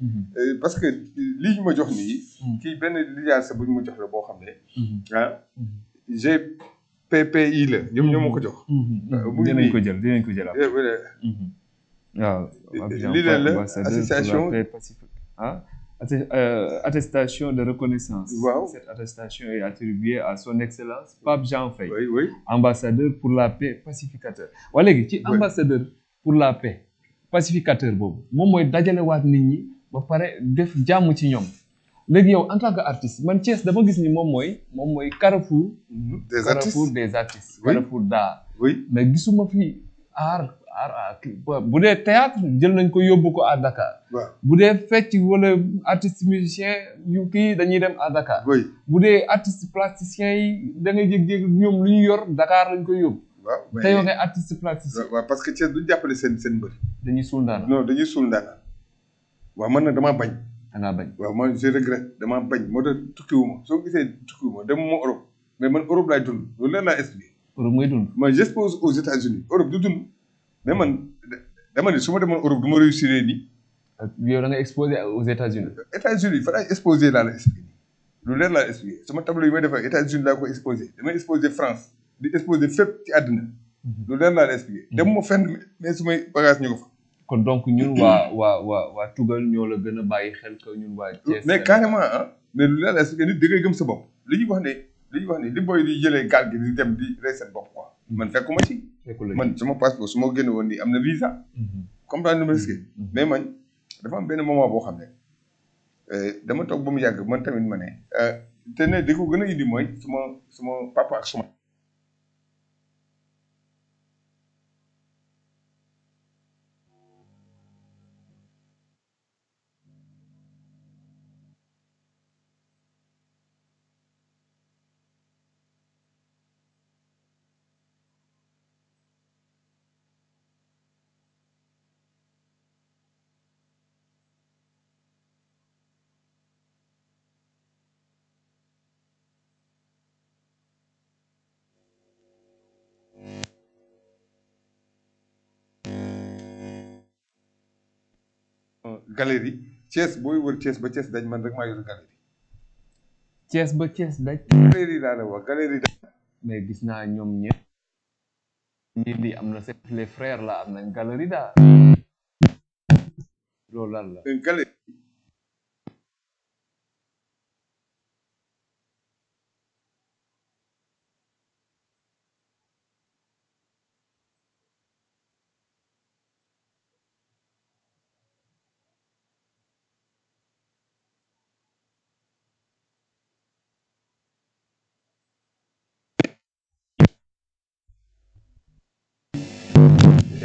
Mhm. Euh, parce que lii ñu ma jox nii. Mhm. ki benn lijaasa bu ñu ma jox la boo xam ne. PPI mhm. ah, GPPI la. ñoom ñoo ma ko jox. de euh, dinañ ko jël dinañ ko jël euh, waaw. la association hein? attestation de reconnaissance. Cette attestation est attribuée à son excellence Pape Jean Fay, ambassadeur pour la paix pacificateur. waa léegi ci ambassadeur pour la paix pacificateur boobu moom mooy dajalewaat nit ñi. ba pare def jàmm ci ñoom léegi yow en tant que artiste man Thiès dama gis ni moom mooy moom mooy carrefour des carrefour des artistes carrefour d'art oui mais gisuma fi art art bu dee théâtre jël nañ ko yóbbu ko à Dakar bu dee fecc wala artiste musicien yu kii dañuy dem à Dakar bu dee artiste plasticien yi da ngay jég-jég ñoom lu ñu yor Dakar lañ koy yóbbu waaw tey yow ngay artiste plasticien waaw parce que Thiès duñ jàppale seen seen mbër dañuy suul ndaanaan dañuy suul waaw man nag damaa bañ. dangaa bañ waaw man je regrette damaa bañ moo tax tukkiwuma soo gisee tukkiwuma demuma Europe mais man Europe laay dund loolu la laa expliqué. Europe ngay dund. man j'expose aux États-Unis mais man dama ne su ma demoon Europe du ma réussir nii. yow da nga exposé aux États-Unis États-Unis fa laay la expliqué lu leer laa expliqué sama tableau yi may defar États-Unis laa ko exposé damay exposé France di exposé fépp ci àddina. Mhm. lu leer laa la expliqué. Mhm. dem ma fen mais sumay may bagage fa. kon donc ñun waa waa waa waa tugal ñoo la gën bàyyi xel que ñun waa Thiès mais carrément ah mais lu la parce que nit da ngay gëm sa bopp li ñuy wax ne li ñuy wax ne li booy di jëlee gaal gi di dem di rey seen bopp quoi mm-hmm. man fekkuma ci man sama passeport su ma génn woon nii am na visa mm-hmm. comprendre ma risque mm-hmm. mais man dafa am benn moment boo xam ne euh, dama toog ba mu yàgg man tamit ma ne euh, te ne di ko gën a indi mooy suma suma papa ak suma galerie Thiès booy wër Thiès ba Thiès daj man rek ma yor galerie. Thiès ba Thiès daj. galerie laa la wax galerie daj. mais gis naa ñoom ñëpp. ñii di am na seen les frères la am nañ galerie daal. loolu lan la.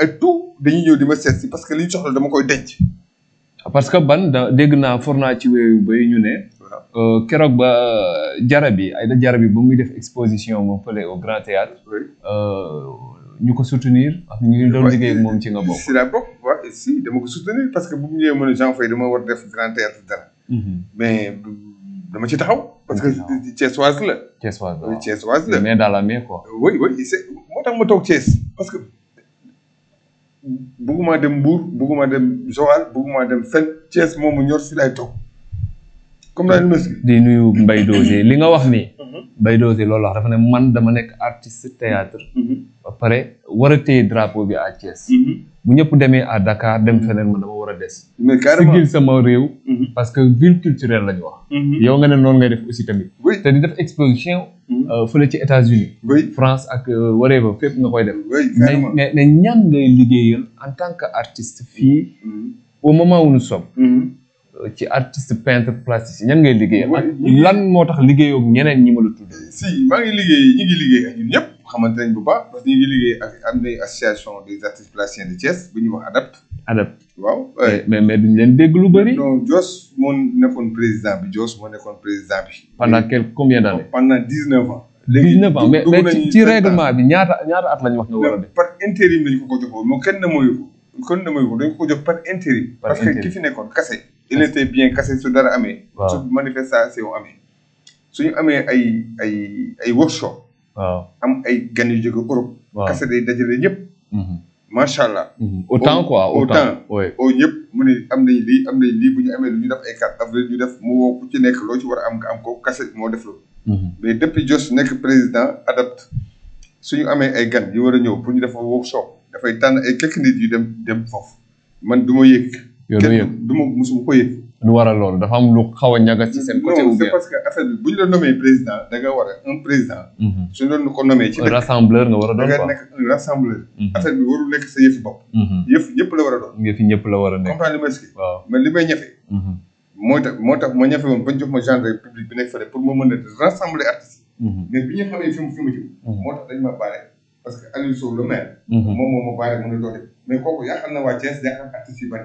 et tout dañuy ñëw di ma seet si parce que li ñu soxla dama koy denc. parce que ban da dégg naa for ci wéyu bay ñu ne. Euh, keroog ba euh, jara bi ay da jara bi ba muy def exposition moom fële au Grand Théâtre euh, ñu ko soutenir ak ñu ngi doon liggéey ak moom ci nga bokk. si la bokk waaw si dama ko soutenir parce que bu mu ñëwee ma ne Jean Faye dama war def Grand Théâtre dara. Mhm. mais dama ci taxaw. parce que Thiessoise la. Thiessoise la Thiessoise la mais dans la mer quoi. oui oui moo tax ma toog Thiès parce que. bugguma dem Mbour bugguma dem Joal bugguma dem fenn Thiès moomu ñor si lay toog comme naan mës di nuyu li nga wax nii. Mbaye Dosé loolu wax dafa ne man dama nekk artiste théâtre ba pare war a téye drapeau bi a Thiès. bu ñëpp demee à Dakar dem feneen ma dama war a des. mais gil sama réew. Mhm. parce que ville culturelle la ñu mhm. yow nga ne noonu ngay def aussi tamit. te di def exposition. Mhm. Euh, fële ci États-Unis France ak euh, whatever fépp nga koy dem mais mais ñan ngay liggéeyal en tant que artiste fii. au moment où ci artiste peintre plasticien ñan ngay liggéeyal ak lan moo tax liggéeyoo ñeneen ñi ma la tudd si maa ngi liggéey ñi ngi liggéey ak ñun ñëpp xamante nañ bu baax parce que ñu ngi liggéey ak am nañ association des waaw eh, mais mais duñu leen dégg lu bari non Dios moo nekkoon président bi Dios moo nekkoon président bi pendant quel combien d'années oh, pendant dix neuf ans dix neuf ans mais ci règlement bi ñaata ñaata at lañ wax nga war a def par intérim lañu ko ko joxoon moo kenn na mooyu ko kenn na mooyu ko dañ ko ko par intérim parce que ki fi nekkoon kase il était bien kase su dara amee. waaw su manifestation amee. ñu amee ay ay ay workshop. waaw am ay gan yu jóge Europe. waaw kase day ñëpp. Mm-hmm. macha allah. Mm-hmm. au temps quoi au temps au ñëpp mu ne am nañ lii am nañ bu ñu amee lu ñu def ay 4 avril ñu def mu ci nekk loo ci war a am am ko kase moo def loolu. Mm-hmm. mais depuis Jos nekk président adapte su ñu amee ay gan yu war a ñëw pour ñu def workshop dafay tànn ay quelques nit yu dem dem foofu man du ma yëg. yow doo yëg du ma musuma ko yëg lu waral loolu dafa am xaw a ñagas seen côté non c'est parce que affaire bu ñu la nommé président da nga war a un président mhm. suñu doon ko nommé ci rassembleur nga war a doon quoi da nga nekk rassembleur mhm. affaire mhm. la war a doon yëfi ñëpp la war a nekk comprendre li ma expliqué waaw mais li may ñafe moo tax moo tax ma a rassembler artistes yi ma baale moom moom ma baale mën a doole mais kooku yaakaar na waa Thiès yaakaar artistes yi bari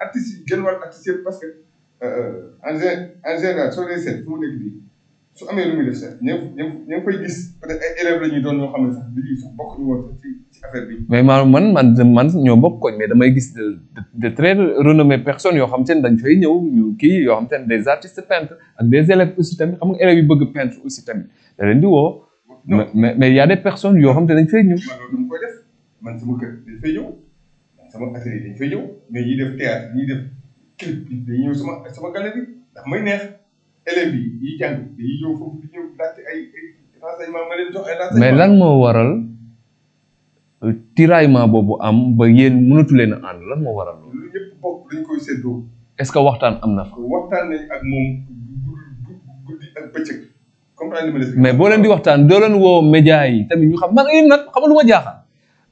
artiste yi gën wàll artistes yëpp parce que en général en général soo dee seet fu mu nekk nii su amee lu muy def sax ñu nga ña gis peut être ay élèves la ñuy doon ñoo xam ne sax dañuy sax bokk ñu woon ci ci affaire bi. mais man man man man ñoo bokk koñ mais damay gis de de très renommées personnes yoo xam te ne dañ fay ñëw ñu kii yoo xam te ne des artistes peintres ak des élèves aussi tamit xam nga élèves yu bëgg peintre aussi tamit da leen di woo. mais mais y a des personnes yoo xam te dañ fay ñëw. man loolu dama koy def man sama kër dañ fay ñëw. sama atelier mais yi yiy jàng dañuy lan moo waral euh, tiraillement boobu am ba yéen mënatu leen a ànd lan moo waral loolu. lu ñëpp ce que waxtaan am na fa. waxtaan mais boo leen di waxtaan doo leen woo média yi ñu xam man yéen nag lu ma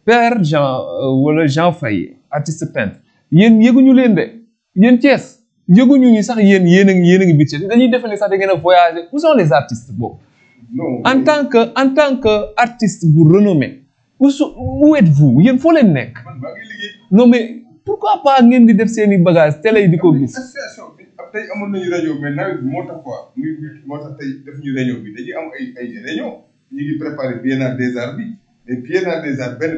père Jean euh, wala Jean Faye artiste peintre yeen yeguñu len de yeen Thiès yeguñu ñu sax yeen yeen ak yeen ak a ngi dañuy defe ne sax da ngeen voyager où sont les artistes boobu. en tant que en tant que artiste bu renommé où où êtes-vous yeen fo len nek non mais pourquoi pas ngeen di def seen i bagages télé yi di ko gis. tey amoon nañu radio mais nawet bi moo tax quoi muy moo tax tey def ñu réunion bi dañuy am ay ay réunion ñu ngi préparé biennale des arts bi. les pieds dans les arbres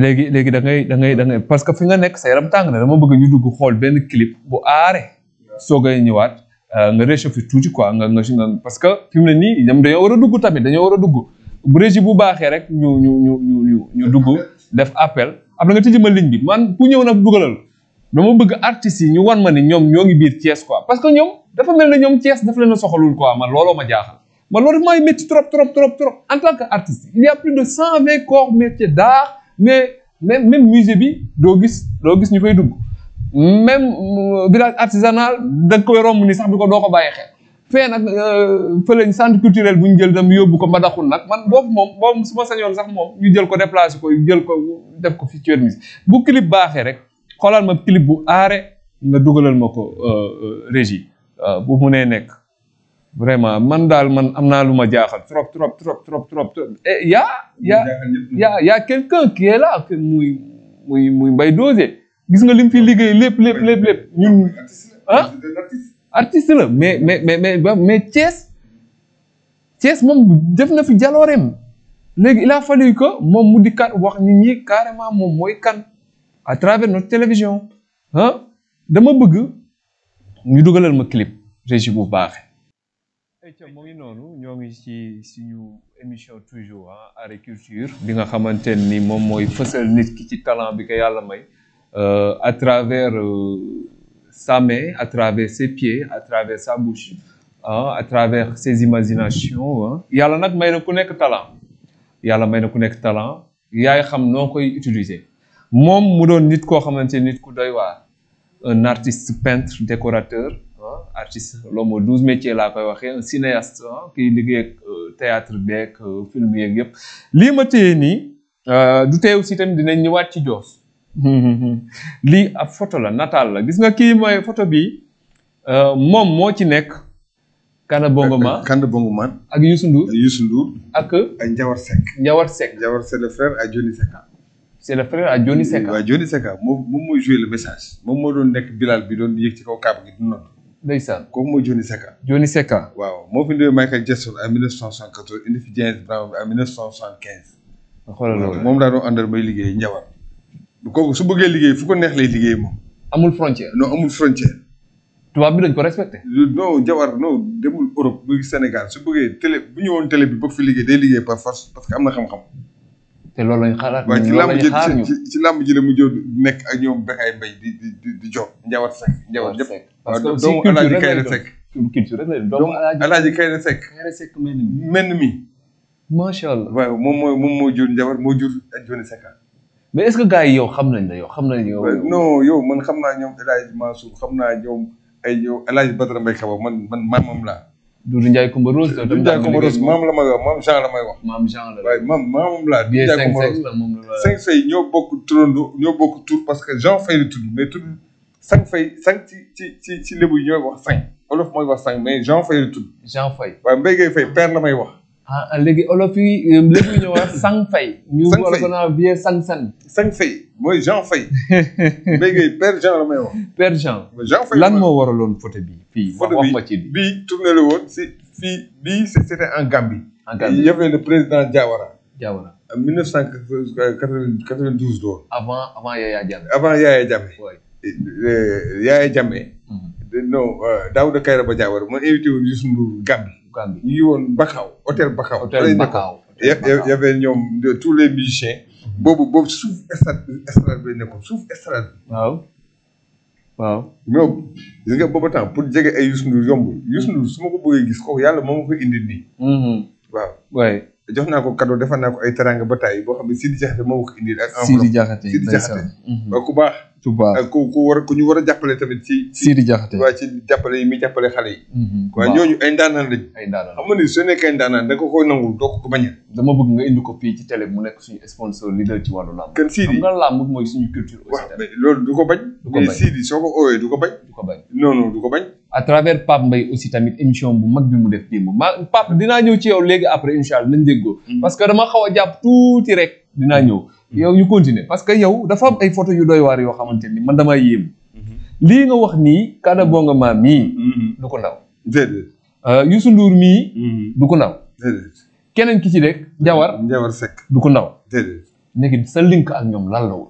léegi dangay da ngay parce que fi nga nekk sa yaram tàng na dama bëgg ñu dugg xool benn clip bu aare soog a ñëwaat euh, nga réchauffé tuuti ko nga nga nga parce que fi mu ne nii ñoom dañoo war a dugg tamit dañoo war a dugg bu régie bu baaxee rek ñu ñu ñu ñu ñu dugg def appel am na nga tijji ma ligne bi man ku ñëw nag dugalal. dama bëgg artistes yi ñu wan ma ni ñoom ñoo ngi biir Thiès quoi parce que ñoom dafa mel ne ñoom Thiès dafa leen a soxalul quoi man looloo ma jaaxal man loolu may métti trop trop trop trop en tant que artiste il y plus de cent vingt corps métiers d'art mais même même musée bi doo gis doo gis ñu fay dugg même euh, village artisanal da nga koy romb ni sax bi ko doo ko bàyyi xel fee nag euh, fële centre culturel bu ñu jël dem yóbbu ko mbadaxul nag man boobu moom moom su ma sañoon sax moom ñu jël ko déplacé ko jël ko def ko fi ci wet bu clip baaxee rek xolal ma clip bu aare nga dugalal mako ko euh, euh, régie euh, bu mu nee nekk vraiment man dal man amna luma jaxal trop trop trop trop trop ya ya, ya, ya, quelqu'un qui est là muy muy muy mbay dosé gis nga lim fi liggéey lepp lepp lepp lepp ñun ah artiste la mais mais mais mais mais ties ties mom def na fi jalooreem léegi il a fallu que moom mu dikkaat wax nit ñi carrément moom kan à travers notre télévision ah dama bëgg ñu dugalal ma clip régie bu baax. Eh bien, ngi noonu ñoo ngi ci suñu émission toujours ah agriculture bi nga xamante ni moom mooy fësal nit ki ci talent bi ko yàlla may euh, à travers euh, sa main à travers ses pieds à travers sa bouche hein, à travers ses imaginations hein, yàlla nag may na ku nekk talent yàlla may na ku nekk talent yaay xam noo koy utiliser. moom mu doon nit koo xamante nit ku doy waar un artiste peintre décorateur ah, artiste l'homme aux douze métiers laa koy waxee un cinéaste ah, kiy liggéey euh, théâtre beeg euh, film yëpp lii ma téye nii euh, du tee aussi tamit dinañ ñëwaat ci joos lii ab photo la nataal la gis nga kii mooy photo bi moom moo ci nekk Kanda Bongoma Kanda Bongoma ak Youssou Ndour ak Njawar Seck Njawar Seck Njawar Seck c' est le frère à Johnny mm, Seka. waaw Johnny Seka moom moom mooy joué le message moom moo doon nekk Bilal bi doon yëg ci kaw kaaba gi du noonu. ndeysaan kooku mooy Johnny Seka. Johnny Seka. waaw moo fi indi Michael Jackson en 1974 indi fi James Brown en 1975. xoolal loolu moom daa doon àndal may liggéey njawar. kooku su bëggee liggéey fu ko neex lay liggéey moom. amul frontière. non amul frontière. tubaab bi dañ ko respecté. non njawar non demul Europe muy Sénégal su bëggee télé bu ñëwoon télé bi bëgg fi liggéey day liggéey par force parce que am na xam-xam. te loolu lañ xalaat waaye ci làmb ji ci ci ji la mu jëw nekk ak ñoom Bécaye Mbaye di di di di jox njawat Seck njawat Seck parce que doomu Alaaji Kayre Seck culture rek la doomu Alaaji Kayre Seck Kayre menn mi menn macha allah moom mooy moom moo jur njawat moo jur Johnny mais es ce que gars yi yow xam nañ la yow xam nañ yow yow man xam naa ñoom El Hadj Mansour xam naa ñoom ay yow El Hadj Badara Mbaye Kaba man man moom laa Doudou Ndiaye Coumba Rose. Doudou Ndiaye Coumba Rose maam la may wax maam Jean la may wax. maam Jean la waaye maam maamam laa. Doudou Ndiaye Coumba Rose ñoo bokk turando ñoo bokk tur parce que Jean Fay la tudd mais tudd cinq fay cinq ci ci ci ci lébu ñooy wax cinq olof mooy wax cinq mais Jean Fay la tudd. Jean Fay waaye Mbaye Gueye Fay la may wax. ah léegi olof yi léegi ñu wax sang fay. ñu wala ko naan vie sang san. sang fay mooy Jean Faye. léegi père Jean lan moo waraloon photo bi. fii wax ma ci bi bii tourné woon si fii bii c'était en Gambie. en Gambie y le président Diawara. Diawara. 1992 doon. avant avant Yaya Jammeh. avant Yaya Jammeh. Euh, Yaya Jammeh. Mm-hmm. non euh, Daouda Kairaba Diawara moo invité woon Youssou Ndour Gambie ñu Bakau hôtel Bakau hôtel Bakau y ya- avait ya- ya ñoom tous les musiciens mhm. boobu boobu suuf estrade estrade bi nekkoon suuf estrade waaw waaw ñoom gis nga booba temps pour jege ay Youssou Ndour yombul Youssou Ndour su ma ko bëggee gis kooku yàlla moo ma ko indi nii mhm. waaw waay jox naa ko cadeau defal naa ko ay teranga ba tàyyi boo xam ne Sidi Diakhaté moo ko indi ak Sidi Jaxate Sidi Jaxate ba mhm. ku baax Touba ak ku ku war ku ñu war a jàppale tamit ci. Sidi Diakhaté waaw ci jàppale yi muy jàppale xale yi. Mhm, waaw ñooñu ay ndaanaan lañ. ay ndaanaan xam nga ni su nekkee ay ndaanaan da koy nangul doo ko bañ dama bëgg nga indi ko fii ci télé mu nekk suñu sponsor leader ci wàllu làmb. kan Sidi xam nga làmb mooy suñu culture. aussi waaw mais loolu du ko bañ. du ko bañ mais Sidi soo ko oowee du ko bañ. du ko bañ non non ko bañ. à travers Pape Mbaye aussi tamit émission bu mag bi mu def démb ma Pape dinaa ñëw ci yow léegi après incha allah nañ déggoo. Mhm. parce que dama xaw a jàpp tuuti rek dinaa ñëw Mm-hmm. yow ñu continuer parce que yow dafa am ay photo yu doy waar yoo xamante ni man damaa yéemu. Mm-hmm. lii nga wax nii Kada mm-hmm. Bongo maam mii. du ko ndaw. déedéet. Euh, Youssou Ndour mii. du ko ndaw. keneen ki ci rek Jawar. Jawar Seck du ko ndaw. déedéet. léegi sa link ak ñoom lan la woon.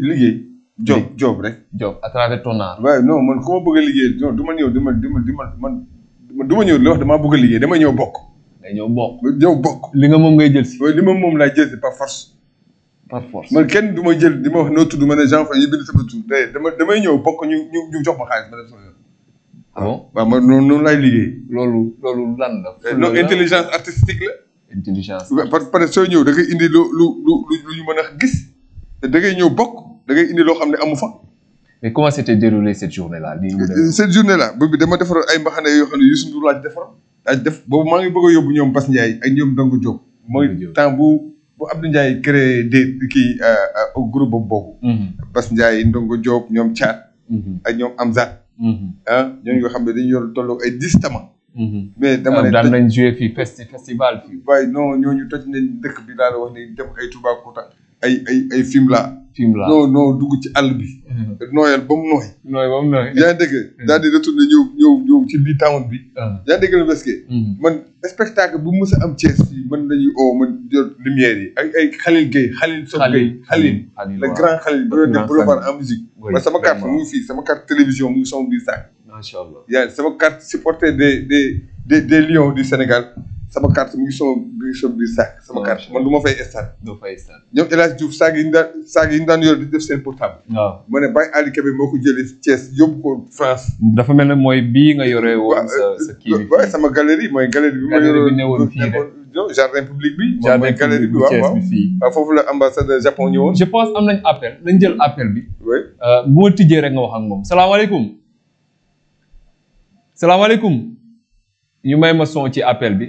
liggéey. job job rek. job à travers ton art. waaw non man ku ma bëgg a liggéey du ma ñëw du ma du ma du ma du ma ñëw li wax bëgg liggéey dama ñëw bokk. day ñëw bokk. ñëw bokk. li nga moom ngay jël si. li ma moom laay jël si par force. par force man kenn du ma jël di ma wax noo tudd ma ne Jean Faye yi bind sama tur day dama damay ñëw bokk ñu ñu ñu jox ma xaalis ma def sama yoon. ah bon ah, waaw man noonu noonu laay liggéey. loolu loolu lan la. loolu eh, intelligence artistique la. intelligence parce que soo ñëw da ngay indi lu lu lu lu ñu mën a gis da ngay ñëw bokk da ngay indi loo xam ne amu fa. mais comment s'était déroulé cette journée là. Euh, cette journée là boobu dama defaroon ay mbaxane yoo xam ne Youssou Ndour laa ci defaroon. daa def boobu maa ngi bëgg a yóbbu ñoom Bass Ndiaye ak ñoom Dango Diop. mooy temps bu. bu Abdou Ndiaye créé de kii euh, euh, groupe boobu. Mm-hmm. Bas Ndiaye Ndongo Diop ñoom Thiat. Mm-hmm. ak ñoom Amzat. Mm-hmm. ah ñooñu nga xam ne dañu yor tolloo ay dix tama. mais dama ah, ne daan nañ joué fii festi festival fii. waaye non ñooñu toj nañ dëkk bi daal wax ne dem ay ay ay ay Fimela. non non dugg ci àll bi. nooyal ba mu nooy. nooy ba mu nooy. yaa ngi dégg. Hmm. daal di retourné ñëw ñëw ñëw ci biir town bi. Ah. yaa ngi dégg la hmm. man spectacle bu mës a am Thiès yi man dañuy oo man lumière yi ay Khalil Gueye Khalil hmm. Khalil le grand Khalil bu doon def en musique. sama carte mu ngi fii sama carte télévision mu ngi sama biir saak. macha sama carte supporter des des des des lions du Sénégal sama carte mu ngi sama biir sama biir sac sama carte man du ma fay stade. doo fay stade ñoom El Hadj Diouf saag yi ñu daan saag yi ñu daan yor di def seen portable. waaw ma ne Baye Ali Kébé moo ko jëlee Thiès yóbbu ko France. dafa mel ne mooy bii nga yore woon sa euh, sa kii bi. waaw sama galerie mooy galerie bi ma yore woon fii de jardin public bi. jardin galerie bi fii waaw foofu la ambassadeur Japon ñëwoon. je pense am nañ appel nañ jël appel bi. oui euh, boo tijjee rek nga wax ak moom salaamaaleykum. salaamaaleykum. ñu may ma son ci appel bi.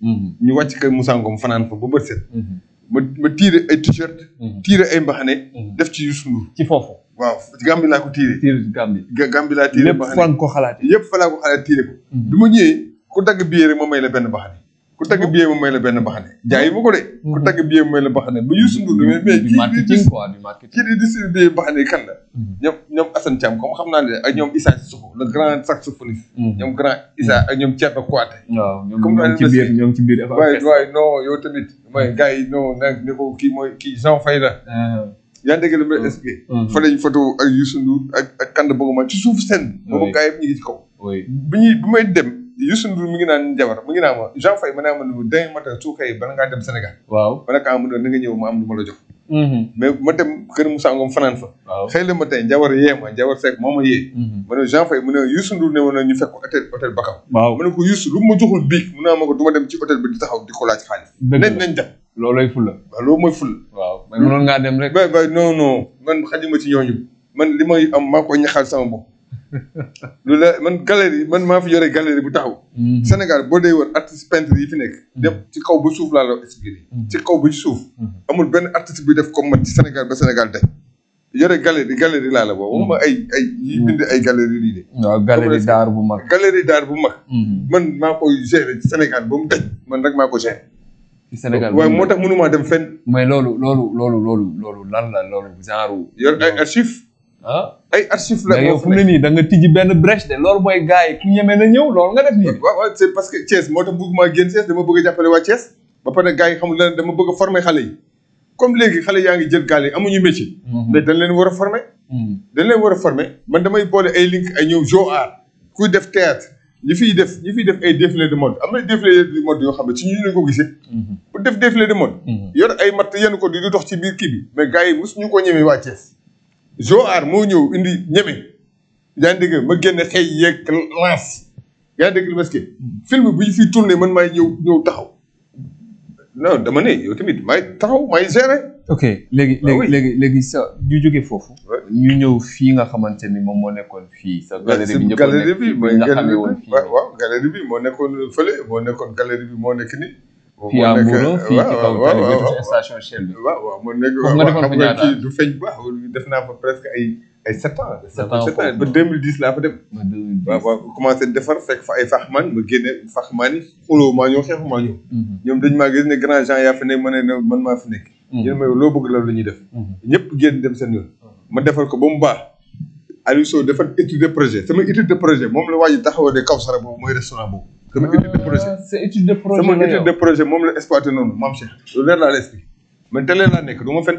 Mm-hmm. ñu wàcc kër Moussa Ngom fanaan fa ba bët set. Mm-hmm. ma ma tiire ay t-shirt. Mm-hmm. tiire ay mbaxane. def ci Youssou ci foofu. waaw Gàmbi laa ko tiire. tiire Gàmbi. laa tiire mbaxane lépp fan ko xalaatee. yëpp fa laa tiire ko. bi ma ñëwee ku dagg biir rek may la benn mbaxane. ku tagg billet mu may la benn baxane jaayi ma ko de. ku mm-hmm. tagg billet mu may la baxane ba Youssou Ndour mais mais kii marketing quoi du marketing kii di distribuer baxane kan la. Mm-hmm. ñoom ñoom Assane Thiam xam naa ne ak ñoom Issa Sissoko le grand mm-hmm. grand Issa la. Ah. yaa ngi dégg lu may expliqué. fa lañ photo ak Youssou Ndour suuf seen. boobu gars yi ñu kaw. bi may dem. Youssou Ndour mi ngi naan jabar mi ngi naa ma Jean Faye ma ne ma ne dem Sénégal. waaw ma ne ko ah ma ne nga ñëw la mm-hmm. ma dem kër Moussa Ngom fanaan fa. waaw moo ma yee. Mm-hmm. ma ne Jean Faye mu ne ma ne ñu fekk ko hôtel hôtel ko Youssou lu ma ma ko du ma dem dem. loolooy fulla. waaw loolu mooy fulla. waaw mais mënoon ngaa dem rek. bay non non man xajuma ci ñooñu man li may am maa ko ñaxal sama bopp lula man galerie man ma fi yoré galerie bu taxaw. Mhm. Sénégal bo dé wër artiste peintre yi fi nek mhm. dem ci kaw bu souf la la expliquer mhm. ci kaw bu souf amul ben artiste bu def comme man ci Sénégal ba Sénégal dé yoré galerie galerie la la bo waxuma ay ay yi bind ay galerie lii dé galerie d'art bu mak galerie d'art bu mak man maa koy gérer ci Sénégal bu mu daj man rek maa ko gérer. ci Sénégal way motax tax mënumaa dem fenn. mais lolu lolu lolu lolu lolu lan la lolu genre. yoré ay archives. Ah. ay archives la yow fu mu ne nii da nga tijji benn brèche loolu mooy gars yi ku ñeme na ñëw loolu nga def nii. waaw waaw c'est parce que Thiès moo tax bëgguma génn Thiès dama bëgg a jàppale waa Thiès ba pare gars yi xamul lan dama bëgg a xale comme léegi xale yaa ngi jël gaal yi amuñu métier. Mhm. mais dañ leen war a former. Mhm. dañ leen war a former man damay boole ay link ay ñëw jo art kuy def théâtre ñi fiy def ñi fi def ay défilé de mode am na défilé de yoo xam ne ci ñu lañ ko gisee. bu mhm. def défilé de mode. yor ay matt yenn ko di dox ci biir kii bi mais gars yi mosuñu ko ñemee waa Thiès Joar moo ñëw indi ñeme yaa ngi dégg ma génn xëy yeeg laas yaa ngi dégg parce que film bi ñu fiy tourné man may ñëw ñëw taxaw non dama ne yow tamit maay taxaw maay gérer. ok léegi ah léegi léegi sa ñu jóge foofu. ñu ñëw fii nga xamante ni moom moo nekkoon fii. sa galerie bi ñëpp nekk galerie bi mooy galerie bi moo nekkoon fële moo nekkoon galerie bi moo nekk nii. fii à Mbourou fii ci kaw tali bi ci station Shell bi. waaw waaw moo nekk waaw xam nga kii du feeñ bu baax def naa fa presque ay ay sept ans. sept ans ba 2010 laa fa dem. ba 2010 waaw waaw commencé defar fekk fa ay faxmaan ma génne faxmaan yi xuloo maa ñëw xeexu maa ñëw. Mm-hmm. ñoom dañ maa gis ne grand gens yaa fa nekk ma ne man maa fi nekk. Mm-hmm. ñu ne ma loo bëgg la la ñuy def. Mm-hmm. ñëpp génn dem seen yoon. ma defar ko ba mu baax. Aliou Sow defar étude de projet sama étude de projet moom la waa ji taxawoo de Kawsara boobu mooy restaurant boobu. sama ah, étude de projet sa étude de projet sama étude de projet moom la exploité noonu maam Cheikh. lu leer laa la expliqué man télé laa nekk du ma fen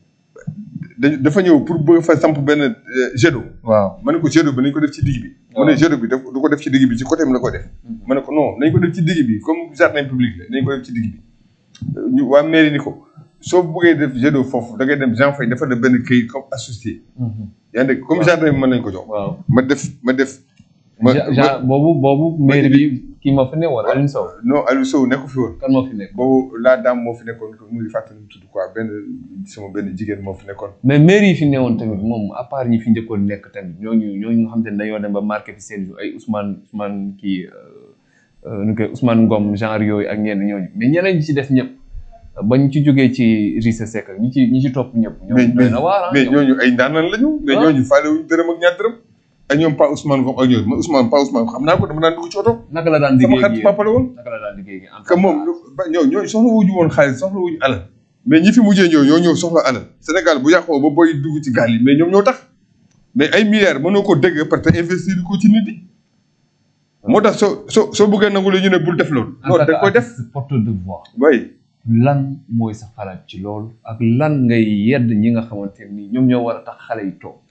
dafa ñëw pour bëgg fa samp benn euh, jet d'eau. waaw ma ne ko jet d'eau bi nañ ko def ci digg bi. waaw ne jet bi daf du ko def ci digg bi ci côté bi la koy def. Hmm. ma ne ko non nañ ko def ci digg bi comme jardin public la nañ ko def ci digg bi. ñu waa mairie ni ko soo bëggee def jet d'eau foofu da ngay dem Jean Faye dafa la benn këyit comme associé. Hmm. yaa ngi dégg comme jardin bi mën nañ ko jox. waaw ma def ma def. Jean boobu boobu maire bi kii moo fi ne woon Aliou Sow. non Aliou Sow nekku fi woon. kan moo fi nekk boobu la dame moo fi nekkoon muy fàttali mu tudd quoi benn sama benn jigéen moo fi nekkoon. mais maire yi fi ne woon tamit moom à part ñi fi njëkkoon nekk tamit ñooñu ñooñu nga xam te ne dañoo dem ba marqué fi seen ay Ousmane Ousmane kii euh, euh, nu koy Ousmane Ngom genre yooyu ak ñenn ñooñu mais ñeneen ñi ci def ñëpp. ba ñu ci jógee ci Rissa Seck ñi ci ñi ci topp ñëpp. ñooñu mais ah, ñooñu ay ndaanaan lañu. mais ah. ñooñu faale wuñu dërëm ak ñaar dërëm ak Pa Ousmane ko ak ñoom ma Ousmane Pa Ousmane xam naa ko dama daan dugg ci auto naka la daan diggé sama xarit papa la woon. naka la daan liggéey que moom ñoo ñoo soxla wuñu woon xaalis soxla ju alal mais ñi fi mujjé ñëw ñoo ñëw soxla alal Sénégal bu yàqoo ba boy dugg ci gal yi mais ñoom ñoo tax mais ay milliards mëno ko dégg parce que investir ko ci nit yi. mo tax so so soo bëggee nangu ñu ne bul def lool loolu da koy def porte de voix. oui lan moy sa xalaat ci lool ak lan ngay yedd ñi nga xamanteni ni ñoom ñoo wara tax xalé yi tok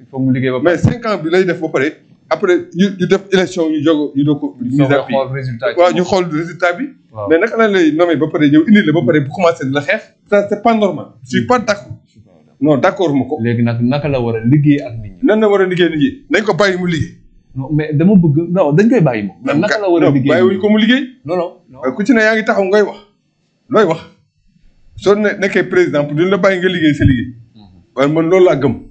foog liggéey ba mais cinq ans bi lay def ba pare après ñu ñu def élection ñu jóg ñu doog ko. ñu xool résultat bi bi. mais naka la lay nommé ba pare ñëw indi la ba pare bu commencé la xeex. ça c'est pas normal. je suis nag naka la war a liggéey ak nit ñi. nan la war a liggéey nit ñi nañ ko bàyyi mu liggéey. mais dama bëgg non dañ koy bàyyi moom. naka la war a liggéey ko mu liggéey. non non ku ci ne yaa ngi taxaw ngay wax looy wax soo nekkee président pour duñ la bàyyi nga liggéey sa liggéey mm-hmm. waaye man loolu laa gëm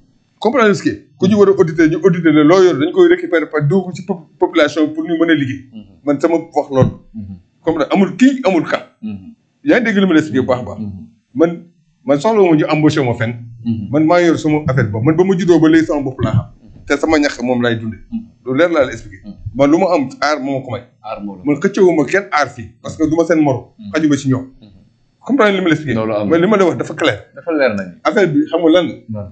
comprendre ce ku ñu war a auditer ñu auditer la loo yor dañ koy récupérer par dugg ci population pour ñu mën a liggéey. Mm-hmm. man sama wax loolu. Mm-hmm. comprendre amul kii amul ka mm-hmm. yaa ngi ma la expliqué bu baax a man man soxla wu ñu embauché ma fenn. man maa yor suma affaire bopp man ba ma juddoo ba léegi sama bopp laa xam. te sama ñax moom lay dundee. lu leer laa la expliqué. man lu ma am aar moo ko may. aar moo la man xëccoo ma kenn aar fii parce que du ma seen moro. xaju ma ci ñoom. comprendre li ma expliqué. loolu mais li ma la wax dafa clair. affaire bi xam la.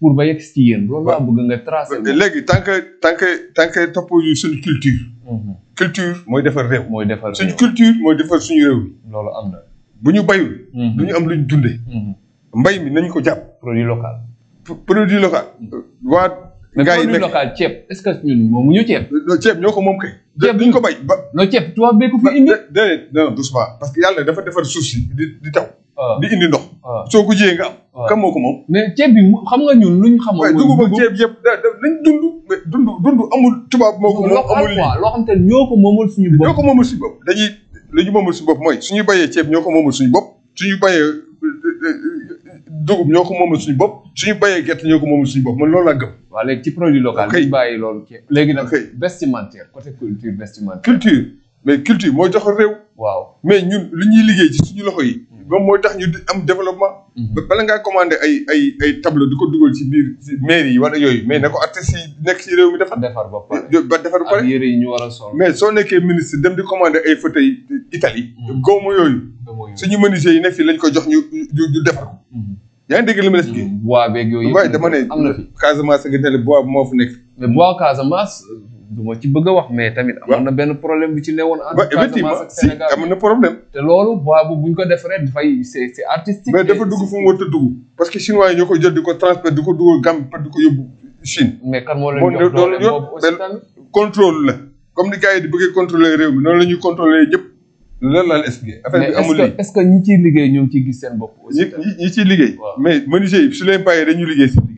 pour ba yegg ci yéen. loolu laa bëgg nga tracer. léegi tant que tant que tant que toppoo ñu suñu culture. Mhm. mooy defar réew. mooy defar suñu culture mooy defar suñu réew. loolu am na. bu ñu bayul. Mhm. du ñu am lu ñu dundee. Mhm. mbay mi nañ ko jàpp. produit local. produit local. waa. gars yi nekk mais produit local ceeb est-ce que ñun moom ñu ceeb. Euh, ceeb ñoo ko moom kay. ceeb duñ ko bay ba. non ceeb tubaab bee ko fi indi. déedéet non doucement parce que yàlla dafa defar suuf si di di taw. Ah. di indi ndox. soo ko jiyee nga am. kan moo mais bi xam nga ñun luñ xamoon. tu dugub ak ceeb yëpp da dund. dund dund amul tubaab moo ko amul lii xam te ñoo ko suñu bopp. ñoo ko suñu bopp dañuy li ñu suñu bopp mooy suñu bayee ceeb ñoo ko suñu bopp suñu bayee dugub ñoo ko suñu bopp suñu bayee gerte ñoo ko suñu bopp man loolu laa gëm. waaw léegi ci produit local. ok bàyyi loolu vestimentaire côté culture vestimentaire. culture mais culture mooy jox réew. waaw mais ñun li ñuy ci suñu moom mooy tax ñu am développement. Mhm. ba bala ngaa commandé ay ay ay tableau di ko dugal ci biir ci mairie yi wala yooyu mais ne ko artistes yi nekk ci réew mi defar. defar ba pare ba defar ba pare. ak yi ñu war a mais soo nekkee ministre dem di commandé ay fauteuil Italie. Mhm. góomu yooyu. ñu menuisier yi nekk fii lañ koy jox ñu ñu defar ko. Mhm. yaa ngi dégg li ma les kii. bois beeg waaye dama ne. am na fi Casamance nga ne bois moo fi nekk. mais bois Casamance. du ma ci bëgg wax mais tamit. amoon na benn problème bu ci newoon. entre Casamance ak Sénégal si am na problème. te loolu boobu bu ñu ko defaree dafay c'est c'est mais dafa dugg fu mu warut a dugg. parce que chinois yi ñoo koy jël di ko transfert di ko dugal Gambie di ko yóbbu Chine. mais kan moo leen jox doole boobu aussi comme ni gars yi di bëggee contrôler réew mi noonu la ñuy contrôler ñëpp. loolu laa la expliqué affaire mais est que ñi ciy liggéey ñoo ngi gis seen bopp. aussi tamit ñi ñi ciy liggéey. mais menuisier yi su leen bàyyee dañuy liggéey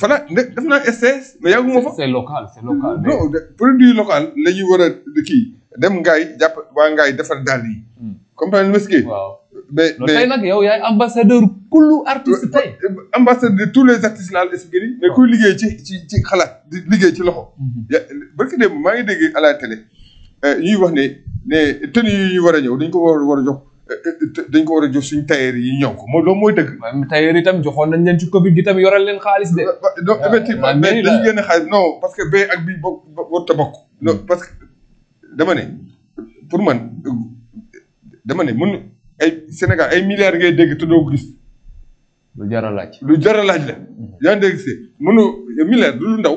fana def naa STS mais yàgguma fa. c'est local c'est local. non local la ñuy war a kii dem ngaay jàpp waa ngaay defar dàll yi. comprendre nga ce qui. mais mais yow yaay ambassadeur kullu artiste tey. ambassadeur de tous les artistes laal esprit. waaw mais kuy liggéey ci ci ci xalaat di liggéey ci loxo. Hmm. ya barki démb maa ngi dégg à la télé euh, ñuy wax ne ne tenue yi war a ñëw dañ ko war war a jox. dañ ko war a jox suñu tailleur yi ñëw ko moo loolu mooy dëgg. waaw tailleur yi tam joxoon nañ leen ci Covid gi tam yoral leen xaalis de. non ah, effectivement mais dañu génne xaalis non parce que bee ak bii bokk warut a bokk. non parce que dama ne pour man dama ne mun ay Sénégal ay milliards ngay dégg te doo gis. lu jar laaj. lu jar a laaj la. Mm-hmm. yaa ngi dégg si mënu milliards du lu ndaw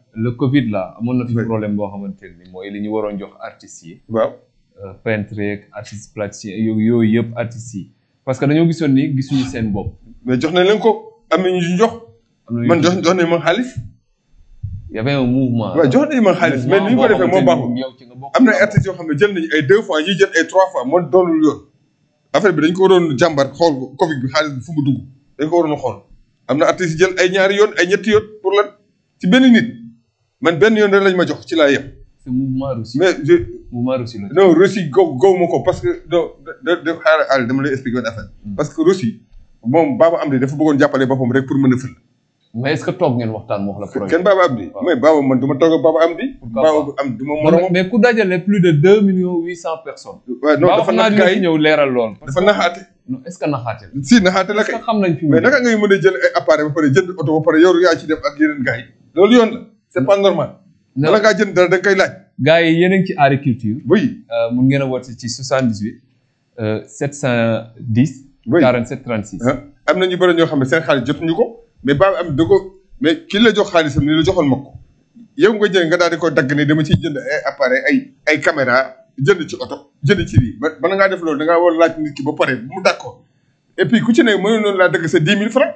le Covid là amoon na fi problème boo xamante ni mooy li ñu waroon jox artistes yi. waaw euh, peintre yeeg artistes plasticiens yooyu yëpp artistes yi parce que dañoo gisoon ni gisuñu seen bopp. mais jox nañ leen ko am nañu ñu jox. man jox jox ma xaalis. y avait un mouvement. jox nañ ma xaalis mais ni ñu ko defee moo baaxul. am na artistes yoo xam ne jël nañu ay deux fois ñuy jël ay trois fois moo doonul yoon. affaire bi dañ ko waroon jàmbar xool Covid bi xaalis bi fu mu dugg dañ ko waroon xool am na artistes yi jël ay ñaari yoon ay ñetti yoon pour la ci benn nit man benn yoon rek lañ ma jox ci laa yem. c' est mouvement mais je mouvement Russie la. non Russie go gaw ma ko parce que doo da da xaaral Aliou hmm. que Russie moom Baba Amady dafa jàppale boppam pour mën a fël. mais est-ce que toog ngeen waxtaan moo la projet kenn Baba Amady. mais am du ma moromam mais ku dajale plus de deux millions huit cent naxaate. si naxaate la kay xam nañ fi mais naka ngay mën a jël ay appareil ba pare jënd oto ba pare yow yaa ci def ak yeneen gars loolu yoon c'est pas normal. wala ngaa jënd dala da nga koy laaj. gars yi yéen a ngi ci agriculture. oui euh, mun ngeen a woote ci 78. 710. Euh, oui 47 36. Ah, am na ñu bëri ñoo xam ne seen xaalis jotuñu ko mais ba am da ko mais ki la jox xaalisam ni la joxoon ma ko yow nga jël nga daal di ko dagg ne dama ciy jënd ay appareil ay ay caméra jënd ci oto jënd ci lii ba bala ngaa def lool da ngaa war laaj nit ki ba pare mu d'accord et ku ci ne mënoon laa dagg sa 10 000 francs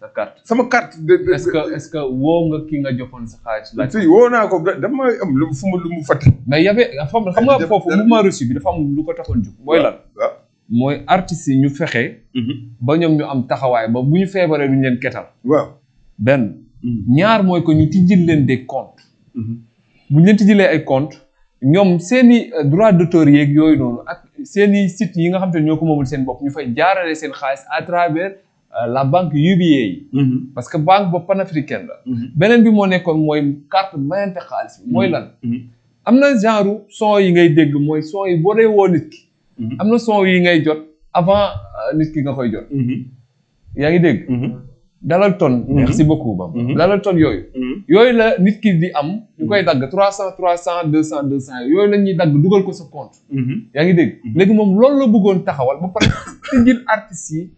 sa carte sama carte. de est-ce que est-ce que woo nga ki nga joxoon sa xaalis. laaj si woo naa ko dama am lu mu fa mu fàtte. mais y' avait xam nga foofu mouvement reçu bi dafa am lu ko taxoon jóg. mooy lan mooy artistes yi ñu fexe. Mhm. ba ñoom ñu am taxawaay ba bu ñu feebaree ñu leen ketal. waaw benn. Mhm. ñaar mooy ko ñu tijjil leen des comptes. Mhm. bu ñu leen tijjilee ay comptes. ñoom seen i euh, droit d'auteur yeeg yooyu noonu ak seen i sites yi nga xam te ne ñoo ko moomul seen bopp ñu fay jaaralee seen xaalis à travers Euh, la banque UBA yi mhm. parce que banque boobu panafricaine la mhm. beneen bi moo nekkoon mooy carte mayante xaalis bi mooy lan mhm. am na genre son yi ngay dégg mooy son yi boo dee woo nit am na son yi ngay jot avant euh, nit ki nga koy jot yaa ngi dégg dalal ton merci beaucoup ba dalal ton yooyu yooyu la nit ki di am ñu koy dagg trois cent trois cent deux cent deux cent yooyu la ñuy dagg dugal ko sa compte yaa ngi dégg léegi moom loolu la bëggoon taxawal ba pare tëjil artistes yi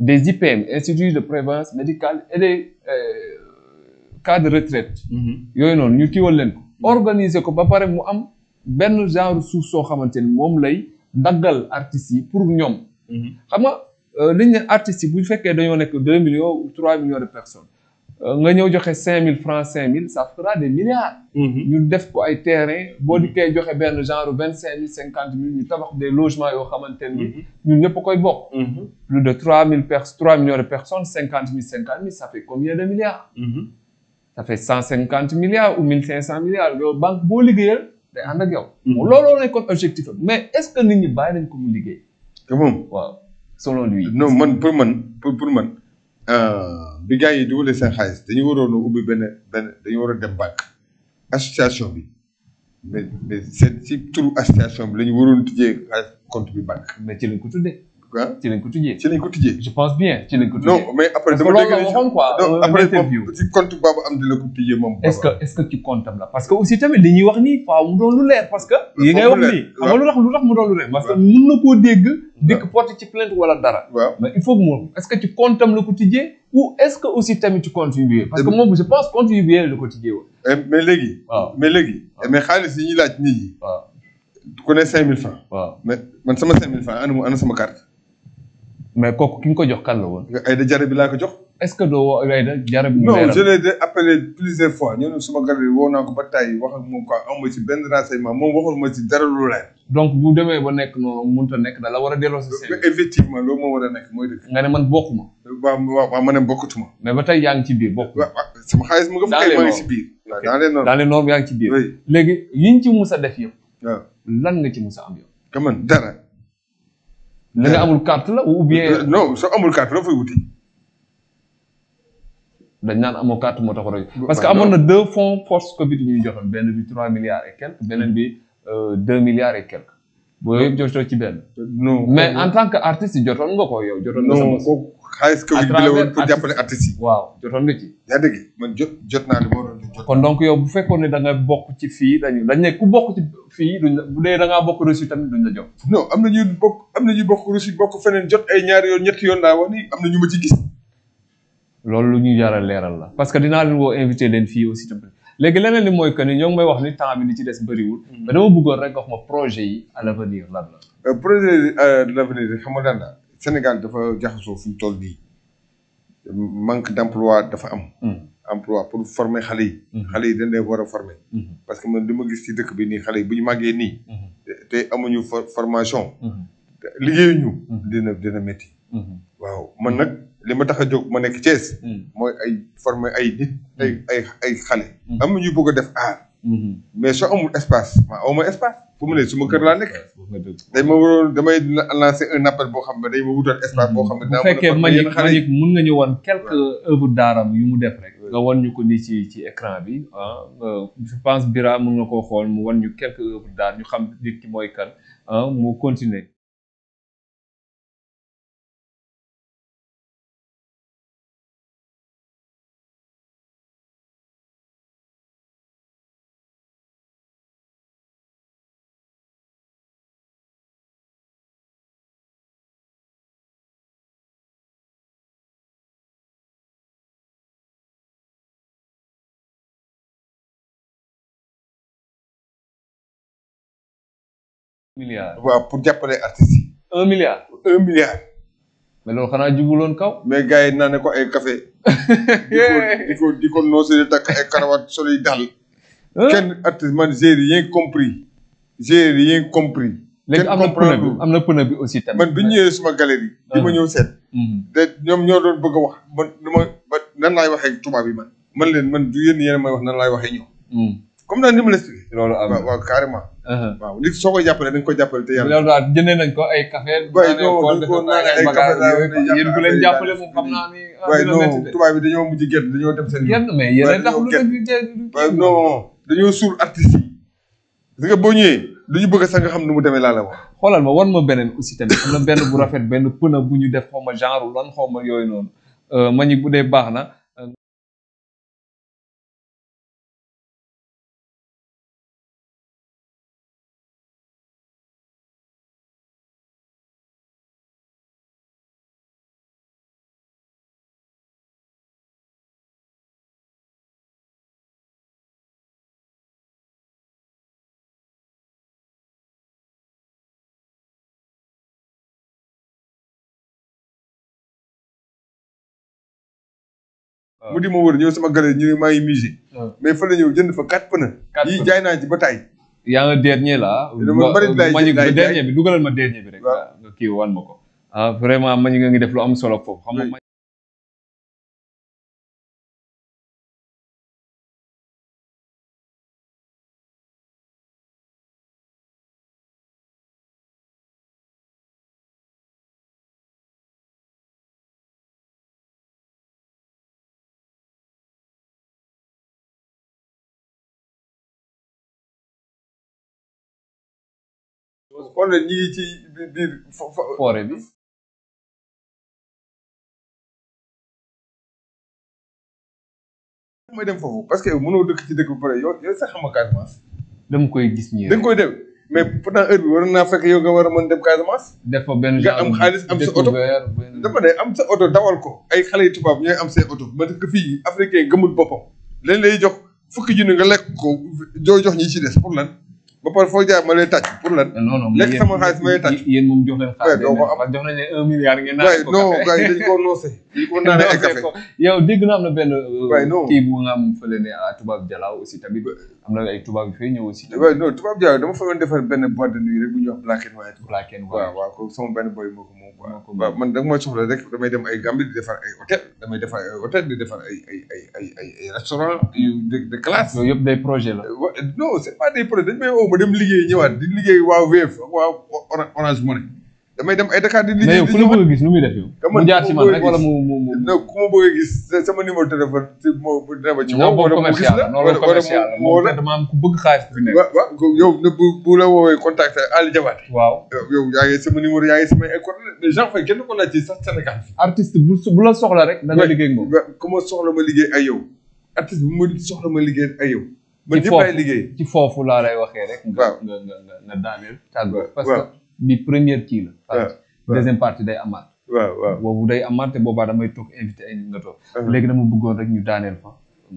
des IPM, Instituts de prévoyance médicale et des euh, cas de retraite. Mm-hmm. yooyu noonu ñu kiiwal leen organiser ko ba pare mu am benn genre suuf soo xamante ni moom lay daggal artistes yi pour ñoom. Mm-hmm. xam nga euh, li ñu ne artistes yi bu fekkee dañoo nekk deux millions ou trois millions de personnes. Euh, nga ñëw joxe 5000 francs 5000 ça fera des milliards mhm. ñu def ko ay terrains boo dikkee 25 000 genre 000. Nous ñu tabax des logements yoo xamanteni ni mhm. ñun ñëpp koy bokk mhm. plus de 3000 pers 3 millions de personnes 50000 50000 ça fait combien de milliards ça fait 150 milliards ou 1500 milliards Le banque boo liggéeyal day ànd ak yow loolu nekk objectif mais est ce que nit ñi bàyyi nañ ko mu ah selon lui non man pour man pour man Euh, bi gars yi dugalee seen xaalis dañu waroon a ubbi benn benn dañu war a dem banque association bi mais mais seen si turu association bi la ñu waroon tijjee xaalis bi banque mais ci lañ ko tuddee. ci lañ ko tujjee. ci lañ ko tujjee. je pense bien ci lañ ko tujjee. non mais après dama dégg la waxoon quoi. non euh, après interview. Tu compte boobu am di la ko tujjee moom. est ce que est ce que tu comptes là parce que aussi tamit li ñuy wax nii faaw mu doon lu leer parce que. yi ngay wax nii xam lu tax lu tax mu doon lu leer. parce que mën na koo dégg. dik porte ci plainte wala dara. mais il faut que moom est ce que tu comptes am la ko ou est ce que aussi tamit tu contribuer parce que eh ben- moi je pense contribuer le quotidien. Eh, mais légui. mais légui. mais xaalis yi ñuy laaj nit yi. waaw ku ne francs. mais man sama 5000 francs ana ana sama carte mais kooku ki nga ko jox kan la woon. Aïda Diarra bi laa ko jox. est-ce que doo Aïda Diarra bi. non je l'ai appelé plusieurs fois ñëw na suma woo naa ko ba tàyyi wax ak moom quoi am ma ma ci dara lu leer. donc bu nekk noonu mënut nekk da war a delloo si seen. effectivement loolu moo war a nekk mooy ma ne bokkutuma. mais ba tey yaa ngi ci biir bokk. waaw sama xaalis mu nga fu kay maa ngi ci ci biir. léegi yiñ ci mus a def yëpp. lan nga ci mus a am dara da eh. amul carte la ou bien. Eh, non soo amul carte la fooy wuti. dañ naan amoo carte moo tax rajo parce que amoon na deux fonds force Covid ñuy joxoon benn bi trois milliards et quelques beneen bi euh, deux milliards et quelques. boobu ci benn. non mais en tant que artiste jotoon nga ko yow. jotoon nga sama non kooku xaalis Covid bi la woon pour jàppale artistes ci. jot jot naa li kon donc yow bu fekkoon ne da bokk ci fii dañu dañ ne ku bokk ci fii duñ bu dee bokk reçu tamit duñ jox. non am na ñuy bokk am na ñuy bokk reçu bokk feneen jot ay ñaari yoon ñetti yoon laa ni am na ñu ci gis. loolu lu ñu jaral leeral la parce que dinaa leen woo invité leen fii aussi tamit léegi leneen li mooy que ni ñoo ngi may wax ni temps bi ci des bariwul mm-hmm. mais dama bëggoon rek wax ma projet yi à l' la. Euh, projet yi à euh, l' avenir daan la Sénégal dafa jaxasoo fu ñu toll nii manque d' dafa am. Mm. emploi pour former xalé yi xalé yi dañ lay wara former mhm. parce que man dama gis ci dëkk bi ni xalé yi bu ñu màggee mhm. amuñu formation mhm. ñu dina dina metti waaw man nak lima taxa jog a jóg ma nekk Thiès mooy ay former ay nit ay ay ay xalé amuñu bëgg def aar mais so amul espace ma awma espace fu mu ne suma kër laa nekk dañ ma waroon damay lancer un appel boo xam ne dañ ma wutal espace boo xam ne bu fekkee man nga ñu wan quelques œuvre d'aaram yu mu def rek nga wan ñu ko nii ci ci ecran bi ah je pense Bira mën nga koo xool mu wan ñu quelques œuvres ñu xam nit ki mooy kan ah mu continuer milliard waaw pour jàppale artistes yi. un milliard. un milliard. mais loolu xanaa jubuloon kaw. mais gars yi naan ne ko ay café di ko di ko noosé di takk ay karawaat solo yi daal. kenn artiste man j'ai rien compris. j'ai rien compris. léegi am na pneu bi am bi aussi tamit. man bi ñu ñëwee suma galerie. di ma ñëw seet. Mhm. te ñoom ñoo doon bëgg a wax man nu ma nan laay waxee tubaab yi man. man leen man du yéen yéen may wax nan laay waxee ñoom. Mhm. comme daal ni ma la expliqué. loolu am waaw waaw carrément. waaw nit soo koy jàppale ko jàppale te yàlla. loolu daal jëndee nañ ko ay café. waaye non ko naan ay café yéen ku leen jàppale moom xam naa ni. Ah, waaye non tubaab bi dañoo mujj gerte dañoo dem seen. gerte mais yéen tax lu def non dañoo suul artistes yi. parce que boo ñëwee lu ñu bëgg sax nga xam nu mu demee laa la xoolal ma wan ma beneen aussi tamit am na benn bu rafet benn pneu bu ñu def xaw ma genre lan xaw ma yooyu noonu euh, ma ñi bu dee baax na mu di ma wër ñëw sama galerie ñu ne maa ngi ah. mais fa la ñëw jënd fa a pneus. quatre pneus yii jaay naa ci ba taay. yaa nga dernier la ah. ma dernier bi dugalal ma dernier bi rek. waaw kii wan ma ko. ah vraiment ma ñu ngi def lu am solo foofu xam nga. kon nag ñu ngi ci biir forêt bi mooy dem foofu parce que mënoo dëkk ci dëkk bu pare yow sax xam nga Casamance dama koy gis ñi da koy def mais pourtant heure bi war naa fekk yow nga war a mën dem Casamance def fa benn nga am xaalis am sa oto dafa ne am sa oto dawal ko ay xale yu tubaab ñooy am see oto ma dëkk fii africain gëmul boppam leen lay jox fukki junni nga lekk ko joo jox ñi ci des pour lan ba pare foo jaar ma lay pour la non non lekk sama xaalis ma lay tàcc. yéen moom jox xaalis jox nañ leen un milliard ngeen naan ko non gars yow dégg naa am na benn. waay euh, non kii bu nga am fële aussi tamit. am na ay tubaab yu fay ñëw aussi. waaw non tubaab jaay dama fa doon defar benn boîte de nuit rek bu ñuy wax black and white. black waaw waaw sama benn boy moo moom. man da nga soxla rek damay defar ay hôtel defar ay restaurant yu de classe. yooyu yëpp day projet la. non c' est pas des projets dañ may woo ma dem liggéey ñëwaat di liggéey waa Wave ak waa Orange damay dem ay Dakar di. liggéey di ñëwaat mais yow a gis nu muy def yow. na ku bëgg a gis sama numéro téléphone ci moo dama ci woo. wala mu gis la wala wala woowee contact Ali Diabaté. waaw yow yaa ngi sama numéro yaa ngi sama école mais Jean Faye kenn ko laaj liggéey ak moom ma soxla ma liggéey ak yow. artiste ma soxla ma liggéey ak yow. man ñëpp ay liggéey ci foofu laa lay waxee rek. waaw nga nga nga nga daaneel. parce que bi première kii la. deuxième partie day amaat. waaw waaw boobu day amaat te boobaa damay toog invité ay nit nga toog. Ah. léegi dama bëggoon rek ñu daaneel fa.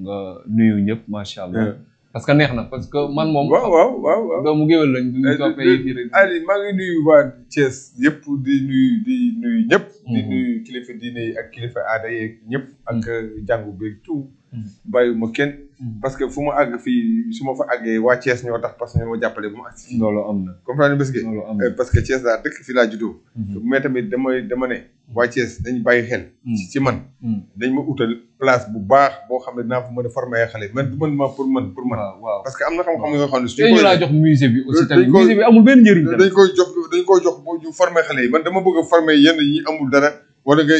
nga nuyu ñëpp macha allah. parce que neex na parce que man moom. waaw waaw waaw doomu géwél lañ bu ñu toppee yi rek. Ali maa ngi nuyu waa Thiès yëpp di nuyu di nuyu ñëpp. di mm-hmm. nuyu kilifa diine yi ak kilifa aada yeeg ñëpp. ak mm-hmm. jàngu beeg tout. Hmm. bàyyiwuma kenn. Hmm. parce que fu ma àgg fii su ma fa àggee waa Thiès ñoo tax parce que ñoo ma jàppale bu ma àgg si. loolu eh, que Thiès laa laa juddoo. Hmm. mais tamit dama dama ne. waa Thiès dañ bàyyi xel. ci ci man. dañ ma utal place bu baax boo xam ne dinaa fa mën a former ay xale man man pour man pour man. waaw parce que am na xam-xam yoo xam ne. suñu koy jox musée bi aussi tamit bi amul benn njëriñ. dañ koy jox dañ koy jox boo ñu former xale yi man dama bëgg a former yenn yi amul dara wala nga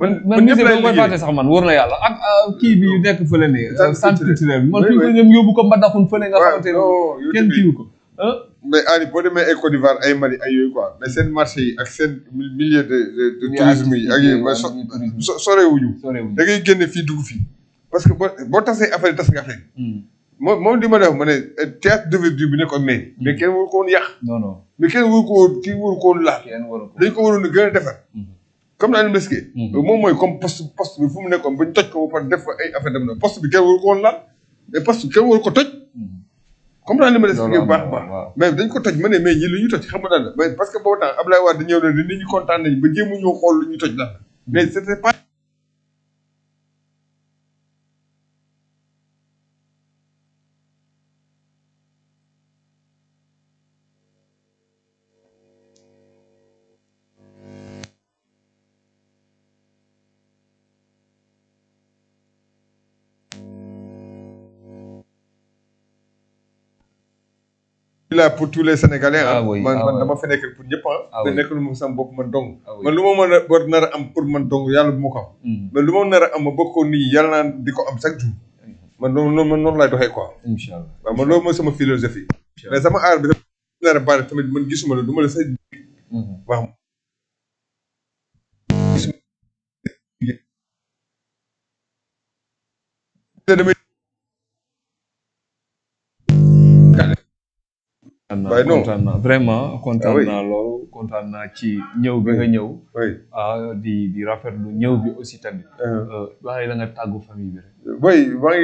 man man musée boobu mooy fàtte sax man war na yàlla ak euh, kii bi nekk fële ne. Euh, centre culturel bi man fi ñu ñoom yóbbu ko Mbadakhoune fële nga xamante ne kenn kiiwu ko. mais boo demee ay Côte ay Mali ay yooyu quoi mais seen marché ak seen milieu de de tourisme yi ak yooyu so sorewuñu. sorewuñu da ngay génne dugg fii. parce que boo boo tasee affaire tas nga affaire. Hmm. moom moom li ma ma ne euh, théâtre bi nekkoon mais. Hmm. mais kenn waru ko yàq. non ko woon kii waru ko woon ko woon dañ ko waroon a gën a defar. Hmm. comme naa leen expliqué. moom mooy comme poste poste bi fu mu nekkoon ba ñu toj ko ba pare def ko woon laal mais poste bi kenn waru ko toj. Mhm. comme naa leen expliqué bu baax baax. mais dañ ko toj ma ne mais ñi lu ñu toj xam nga mais parce que boobu temps Abdoulaye Wade ñëw na ni nit ñi kontaan nañu ba jéem xool ñu toj daal mais c'était pas. la pour tous les sénégalais ah oui man ah man dama fi nekkal pour ñëpp ah te nekkal mu sama bopp man dong ah man lu ma mën a war nar am pour man dong yalla bu mu ko am mm-hmm. mais lu ma am ma bëgg ko nii yàlla am chaque jour mm-hmm. man non non non lay doxé quoi inshallah man loolu sama philosophie mais sama art bi nar a bari tamit man gisuma la duma ma la sax mm-hmm. waaw damay waaye non kontaan naa vraiment kontaan naa ah kontaan naa ci ñëw bi nga ñëw. ah di di rafetlu ñëw bi aussi tamit. Ah. Euh, waaye la nga tàggu famille bi rek. oui maa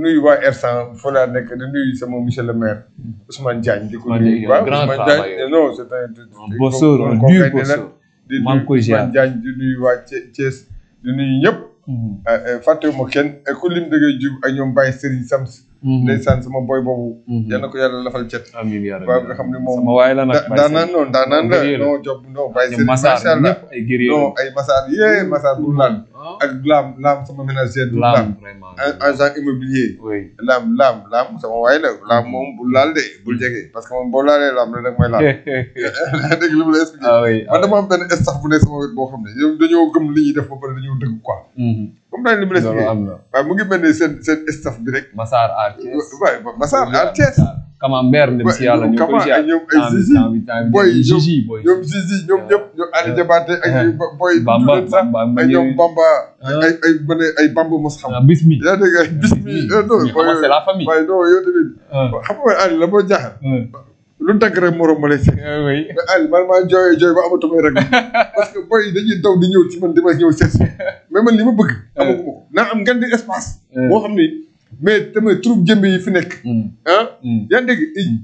nuyu waa R100 fa laa nekk di nuyu sama monsieur le maire hmm. Ousmane Diagne. di ko nuyu waaw Ousmane Diagne maa koy ziar Ousmane Diagne di nuyu waa Thiès di nuyu ñëpp. Hmm. Ah, eh, fàttewuma eh, lim da jub ak eh, ñoom Baye Serigne Sams. Mm-hmm. ndeysaan sama boy boobu. Mm-hmm. yal na ko yàlla lafal cet. amiin yaa rabbi waaw nga xam ne moom. sama waay la nag daanaan noonu daanaan la non job non. Baye Serigne macha allah ay guerrier non ay masaar yee masaar bu laan. ak Lam Lam sama ménagère. Lam vraiment agent immobilier. oui Lam Lam Lam sama waay Lam mm-hmm. moom bu laal de bul jege. parce que moom boo laalee Lam la nag mooy Lam. dégg lu mu la expliqué. ah oui ah ne sama wet boo xam ne ñoom dañoo gëm li ñuy def ba pare dañoo dëgg quoi. Mm-hmm. comme mu la expliqué. waaw mu ngi mel ni seen seen bi rek. Camembert dem si yàlla ñu koy ziar ñoom ay Zizi booy ñoom Zizi ñoom ñëpp ñoom Aliou Diabaté ay booy. Bamba Bamba ay ñoom Bamba. Ah. ay ay bu ne ay Bamba mos xam. Ah, bismi yaa dégg ay bismi. ñu commencé la famille waaye non yow tamit. Ah. xam nga Aliou la boo jaaxal. lu tàgg rek moroom ma lay fekk. oui mais Aliou man maa jooy jooy ba amatumay rek. parce que booy dañuy daw di ñëw ci man di ma ñëw seet mais man li ma bëgg. amagu ma ko naa am ngeen di espace. boo xam ni. mais tamit troupe jëmbe yi fi nekk. Mm. ah. Mm. yaa ngi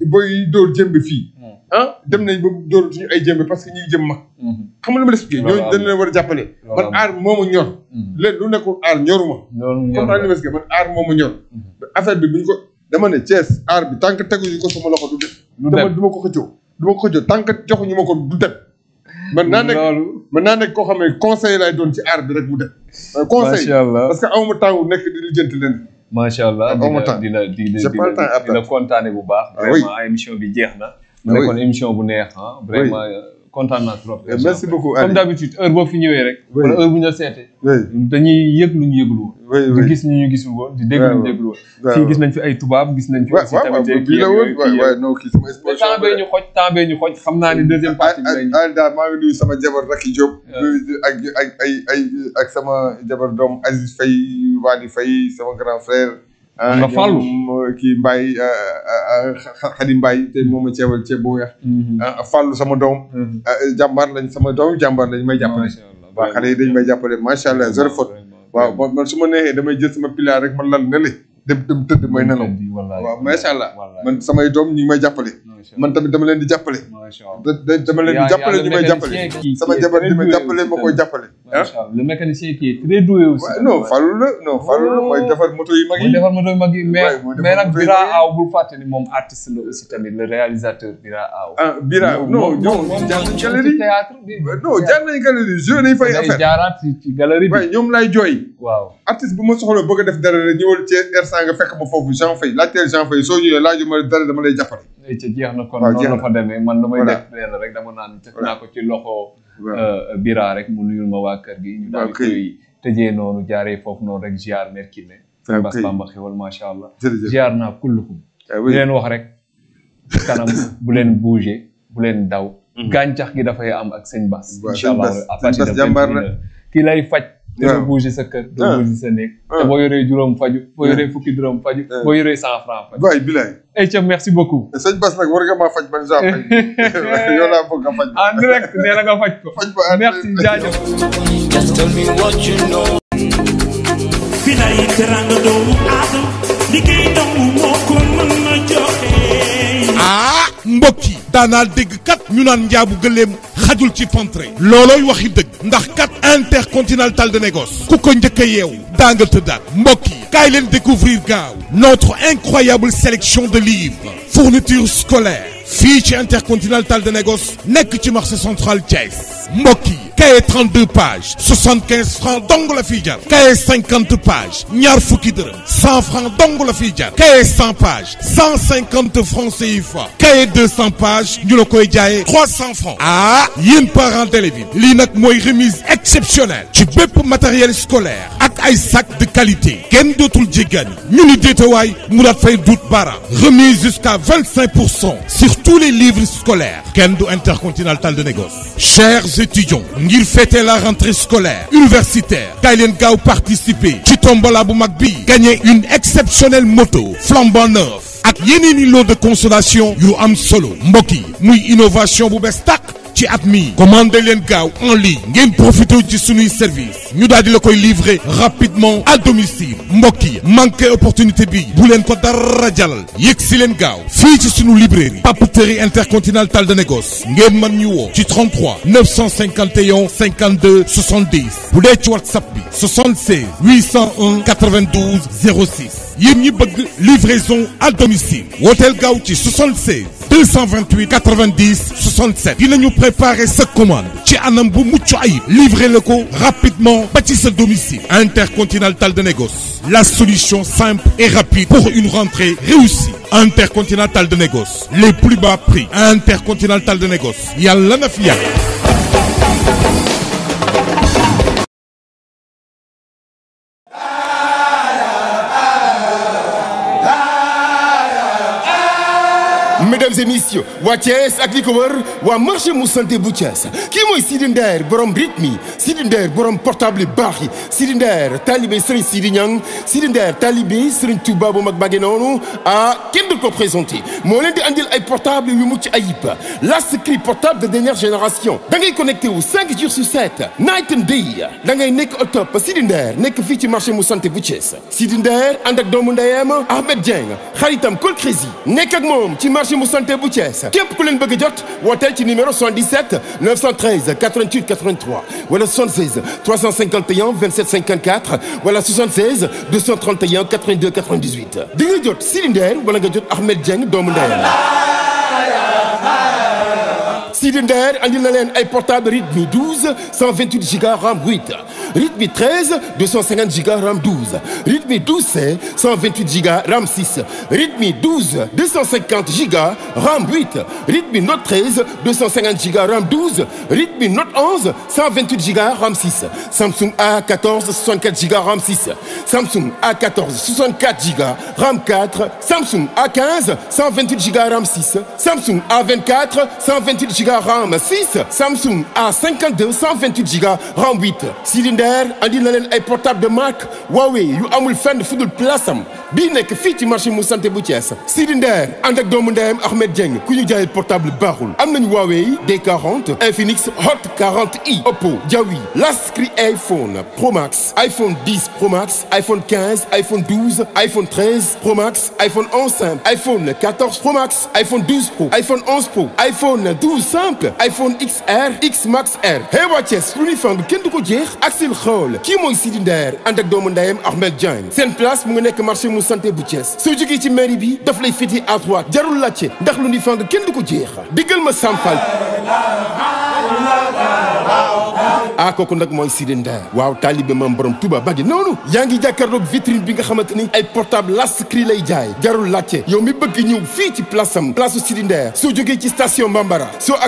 door booy dóor fii. Mm. ah dem nañ ba dóor suñu ay jëmbe parce que ñu ngi jëm mag. Mm-hmm. xam nga lu ma expliqué. waaw ñooñu war a jàppale. man aar moomu ñor. Mm-hmm. leen lu nekkul aar ñoruma. loolu ñor la comme man aar moomu ñor. Mm-hmm. affaire bi buñ ko dama ne Thiès aar bi tant que teguñu ko sama loxo du def. du ma ko xëccoo. du ma ko xëccoo tant que ko du def. man naa nekk man naa nekk koo xam ne conseil lay doon ci aar bi rek mu def. conseil parce que aw ma temps wu nekk di lijjanti leen macha allah di la di la di la di la kontaane bu baax. Ah, vraiment émission bi jeex na. mu ah, nekkoon émission bu neex ah. vraiment. kontaan naa trop. Eh, merci beaucoup Aliou comme d'habitude heure boo fi ñëwee rek. wala heure bu ñu seetee. dañuy yëg lu ñu yëgul woon. di gis ñu ñu gisul woon di dégg ñu déggul woon. fii gis nañ fi ay tubaab gis nañ fi. aussi tamit kii yooyu waaw waaw non kii sama exposition temps bee ñu xoj temps bee ñu xoj xam naa ne deuxième ah, partie bi ah, maa ngi nuyu sama jabar Racky Diop. ak ak ay ay ak sama jabar doom Aziz Faye Wali fay sama grand frère. Ah, nga fàllu kii Mbaye Xadim ah, ah, Mbaye te moom a ceebal ceeb bu weex. Mhm. fàllu mhm. sama doom. jàmbaar lañ sama doom jàmbar lañ may jàppale. waaw xale yi dañ may jàppale macha allah zéro faute. waaw man su ma neexee damay jël sama pilaar rek ma lal ne le dem dem tëdd may nelaw. waaw macha allah man samay doom ñu ngi may jàppale. man tamit dama leen di jàppale. dama leen di jàppale ñu may jàppale. sama jabar di ma jàppale ma koy jàppale. Ah. le mécanicien qui est très doué aussi. non Fallou la non Fallou la mooy defar moto yu mag yi. mooy defar moto yu mag yi mais mais nag Bira Aw bul fàtte ni moom artiste la aussi tamit le réalisateur Bira Aw. ah Bira non non jaar nañ galerie non jaar nañ galerie joué nañ fay affaire. jaaraat ci galerie bi. waaye ñoom laay jooy. waaw artiste bu ma soxla bëgg a def dara rek ñëwal ci R100 nga fekk ma foofu Jean Faye laajteel Jean Faye soo ñëwee laaju ma dara dama lay jàppale ca jeex na kon noonu la fa demee man lu may def leen rek dama naan teg naa ko ci loxo euh, bira rek mu nuyul ma waa kër gi ñu daal koy tëjee noonu jaaree foofu noonu rek ziar merkine bas bamba xewal macha allah ziar naa kullukum ah di leen wax rek kanam bu leen bouger bu leen daw mhm. gàncax gi dafay am ak sëñ bas incha allah à partir de kii lay faj te doo ah. bouger sa kër doo ah. bouger sa néeg ah. te boo yoree juróom faju boo yoree fukki juróom faju boo yoree cent franc faju waay bilaay eh, ay ca merci beaucoup eh, seigne Bass nak war nga maa faj ban genre faj yow bëgg nga faj en direct né na nga faj ko faj ko merci jaajëf just tell me what you know fi lay teranga doomu aadama liggéey doomu moo ko mën na joxe ah mbokki yi daanaa dégg kat ñu nan njaabu gëleem Adultif ci Lolo loloy waxi intercontinental de négoce ku ko njëkk Moki, yeewu Moki, nga découvrir gaaw notre incroyable sélection de livres fournitures scolaires Fiche intercontinental de négoce que ci marché central Thiès Moki, 32 pages 75 francs dong la 50 pages 100 francs dong la 100 pages 150 francs CFA cahier 200 pages ñu lo 300 francs ah Y'a une d'élèves yi lii remise exceptionnelle peux pour matériel scolaire ak sac de qualité kenn dootul jéggaani ñu ni fay remise jusqu'à 25 tous les livres scolaires Kendo intercontinental de négoce chers étudiants nous fêter la rentrée scolaire universitaire Kailen participe, participé. participer ci la bu une exceptionnelle moto flambant neuf Avec une lot de consolation yu am solo Moki. Nous, innovation bu ci at mi gaaw en ligne ngeen profité ci service ñu daal di la koy livrer rapidement à domicile mbokk yi manqué opportunité bi bu leen ko dara jalal yëg si gaaw fii ci librairie papeterie intercontinentale de négoce ngeen man ñu 33 951 52 70 bu dee ci whatsapp 76 801 92 06 yéen ñi livraison à domicile Hotel gaaw ci 76 228 90 67 nous préparer nous commande ci anam bu livrez le co rapidement Bâtissez domicile intercontinental de négoce la solution simple et rapide pour une rentrée réussie intercontinental de négoce les plus bas prix intercontinental de négoce Yalla Nafia. mesdames et messieurs waa Thiès ak li wër marché mu santé bu Thiès kii mooy borom rythme yi borom portable baax yi talibé Serigne Sidi Niang Sidi Nder talibé Serigne Touba bu mag bàggee noonu ah kenn du ko présenter. Mo len di andil ay portable yu mucc ayib last cri portable de dernière génération da ngay connecté wu 5 jours sur 7 night and day da ngay nek au top Sidi Nder nekk ci marché mu santé bu Thiès Sidi Nder Ahmed Dieng Khalitam Kolkrezi, nek ak mom ci marché mu santé bu Thiès képp numéro 77 913 88 83 Voilà 76 351 27 54 wala 76 231 82 98 di cylinder, jot Ahmed Cylindre, un portable Redmi 12 128 Go RAM 8 Redmi 13 250 giga RAM 12 Redmi 12 128 Go RAM 6 Redmi 12 250 Go RAM 8 Redmi Note 13 250 giga RAM 12 Redmi Note 11 128 giga RAM 6 Samsung A14 64 giga RAM 6 Samsung A14 64 giga RAM 4 Samsung A15 128 giga RAM 6 Samsung A24 128 giga RAM 6, Samsung A52 128 Go RAM 8 cylindre andi portable de marque Huawei yu amul fenn fudul plasam bi nek fi ci marché mu santé bu Thiès cylindre ànd ak Ahmed Dieng ku ñu portable baxul. am Huawei D40 Infinix Hot 40i Oppo last Cry iPhone Pro Max iPhone 10 Pro Max iPhone 15 iPhone 12 iPhone 13 Pro Max iPhone 11 iPhone 14 Pro Max iPhone 12 Pro iPhone 11 Pro iPhone 12 exemple iPhone XR X Max R xeewaa Thiès lu ñuy fang kenn du ko jeex ak seen xawla kii mooy Sidi Ndayer ànd ak doomu ndayem Ahmed Diagne seen place mu ngi nekk marché mu sante bu Thiès soo jógee ci mairie bi daf lay féete à droite jarul laajte ndax lu ñuy fang kenn du ko jeex diggal ma sampal ah kooku nag mooy Sidi waaw taalibe maam borom Touba bagi noonu yaa ngi jàkkaarloog vitrine bi nga xamante ni ay portable las lay jaay jarul laajte yow mi bëgg ñëw fii ci place am place Sidi ci station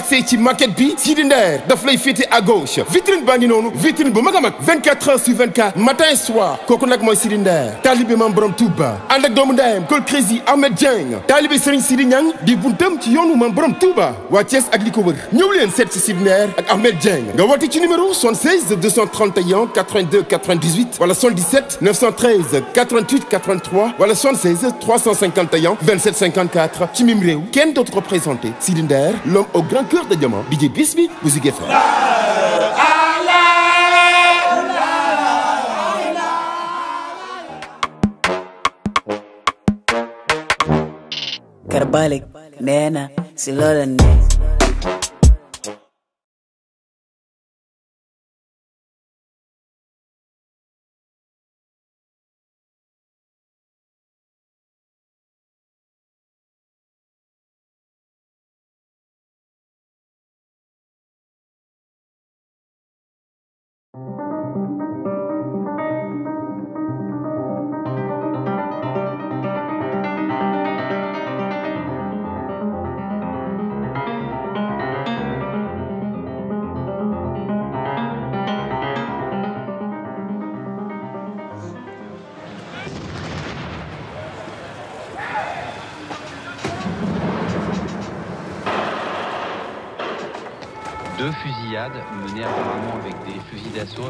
accès ci maquette bi cylindère. da fay à gauche vitrine baa vitrine bu mag 24 heures sur 24 matin et soir kooku nak moy Sidi Nder mam borom Touba ànd ak doomu ndayem Kol crazy Ahmed Dieng taalibe Serigne Sidi di buntam ci yoonu mam borom Touba wa ties ak li ko wër ñëw leen set ci Sidi ak Ahmed Dieng nga woti ci numéro 76 231 82 98 wala 77 913 88 83 wala 76 351 27 54 ci mim réew autre dootu l'homme au grand un cœur de diamant DJ Bisby musique FM karbalik nee na si loola ne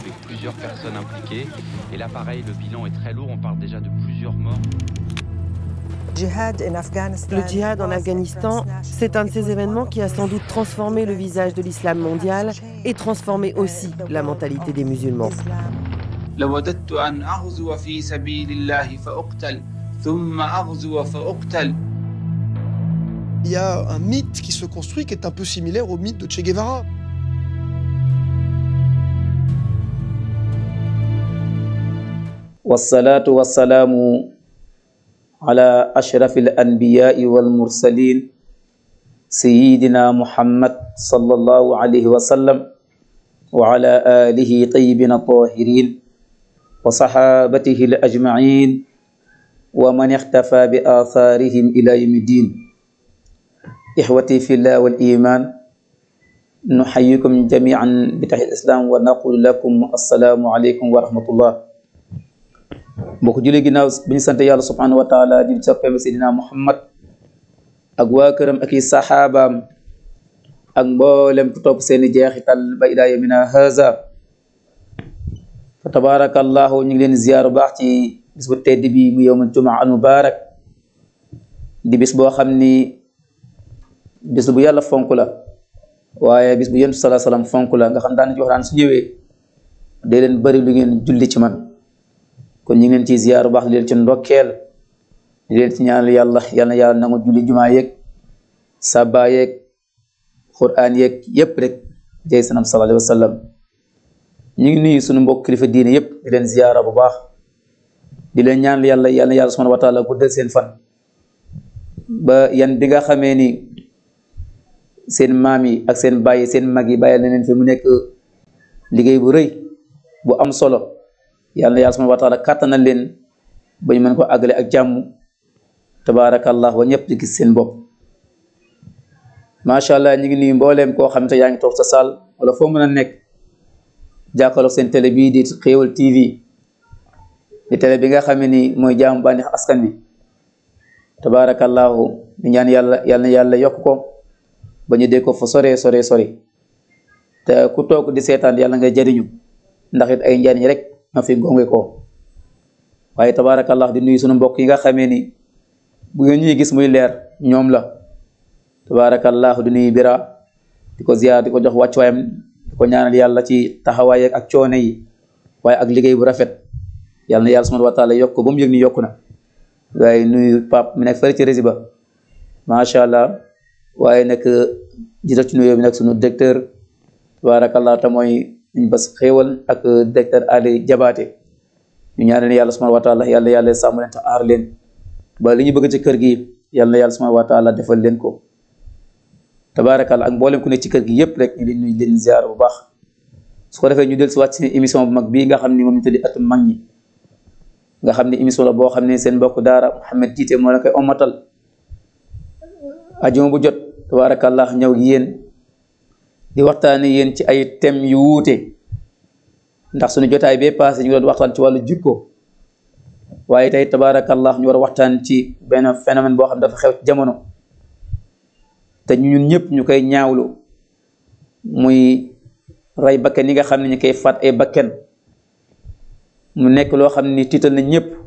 avec plusieurs personnes impliquées. Et là, pareil, le bilan est très lourd. On parle déjà de plusieurs morts. Le djihad en Afghanistan, c'est un de ces événements qui a sans doute transformé le visage de l'islam mondial et transformé aussi la mentalité des musulmans. Il y a un mythe qui se construit qui est un peu similaire au mythe de Che Guevara. والصلاة والسلام على أشرف الأنبياء والمرسلين سيدنا محمد صلى الله عليه وسلم وعلى آله طيبين الطاهرين وصحابته الأجمعين ومن اختفى بآثارهم إلى يوم الدين إخوتي في الله والإيمان نحييكم جميعا بتحية الإسلام ونقول لكم السلام عليكم ورحمة الله mbokk julli ginnaaw bi ñu sant yàlla subhanahu wa taala di soppeem seydina muhammad ak waa këram ak i ak mboolem ku topp seeni jeexital ba ilaa yamina haza fa tabaarakallahu ñu ngi leen bu baax ci bis bu tedd bi mu yowmal jumaa al mubaarak di bis boo xam ni bis bu yàlla fonk la waaye bis bu yonent salaa salaam fonk la nga xam daan ci wax daan su ñëwee day leen bëri ngeen julli ci man kon ñi ngeen ci ziaru bax di leen ci ndokkel di leen ci ñaanal yalla yalla yàlla nangu julli juma yek sàbbaa yek qur'an yek yep rek jey sanam sallallahu alaihi wasallam ñi ngi nuyu suñu mbokk kilifa diine yep di leen ziaru bu baax di leen ñaanal yalla yalla yalla subhanahu wa taala del seen fan ba yan bi nga xamé ni seen mami ak seen baye seen magi baye fi mu nekk bu reuy bu am solo yàlla yàlla subhaanahu wa taala kàttanal leen ba ñu mën ko àggale ak jàmm tabaarakallah wa ñëpp di gis seen bopp macha allah ñu ngi nuyu mbooleem koo xam te yaa ngi toog sa saal wala foo mën a nekk jàkkaarloog seen télé bii di xéewal TV di télé bi nga xam ne nii mooy jaamu bànneex askan wi tabaarakallahu ñu ñaan yàlla yàlla na yàlla yokk ko ba ñu dee ko fa sore sore sore te ku toog di seetaan yàlla nga jariñu ndax it ay njariñ rek. na fi gonge ko waaye tabaarakallah di nuy sunu mbokk yi nga xamee ni bu ngeen ñuy gis muy leer ñoom la tabaarakallah di nuyu bira di ko ziyaar di ko jox wàccuwaayam di ko ñaanal yàlla ci taxawaay ak coone yi waaye ak liggéey bu rafet yàlla na yàlla subhanahu wa yokk ko ba yëg ni yokku na waaye nuyu pap mi nekk fële ci rési ba allah waaye nekk jiital ci nuyoo nag sunu directeur tabaarakallah te mooy ñu bas xewal ak docteur Ali jabaté ñu ñaanal yalla subhanahu wa taala yalla yalla sàmm leen te leen ba li ñu bëgg ci kër gi yalla yalla subhanahu wa taala defal leen ko tabarakallah ak mbolem ku ne ci kër gi yépp rek ñu leen ñuy leen ziar bu baax su ko defé ñu del ci waat ci émission bu mag bi nga xamni mom ñu tuddi atum mag ñi nga xamni émission la bo xamni seen bokku daara muhammad jité mo la kay omatal ajuma bu jot ñaw ñëw yeen di waxtaane yéen ci ay thèmes yu wuute ndax suñu jotaay bee passé ñu doon waxtaan ci wàllu jikko waaye tey tabaarakallah ñu war a waxtaan ci benn phénomène boo xam dafa xew jamono te ñu ñëpp ñu koy ñaawlu muy rey bakken yi nga xam ne ñu koy faat ay bakken mu nekk loo xam ni tiital na ñëpp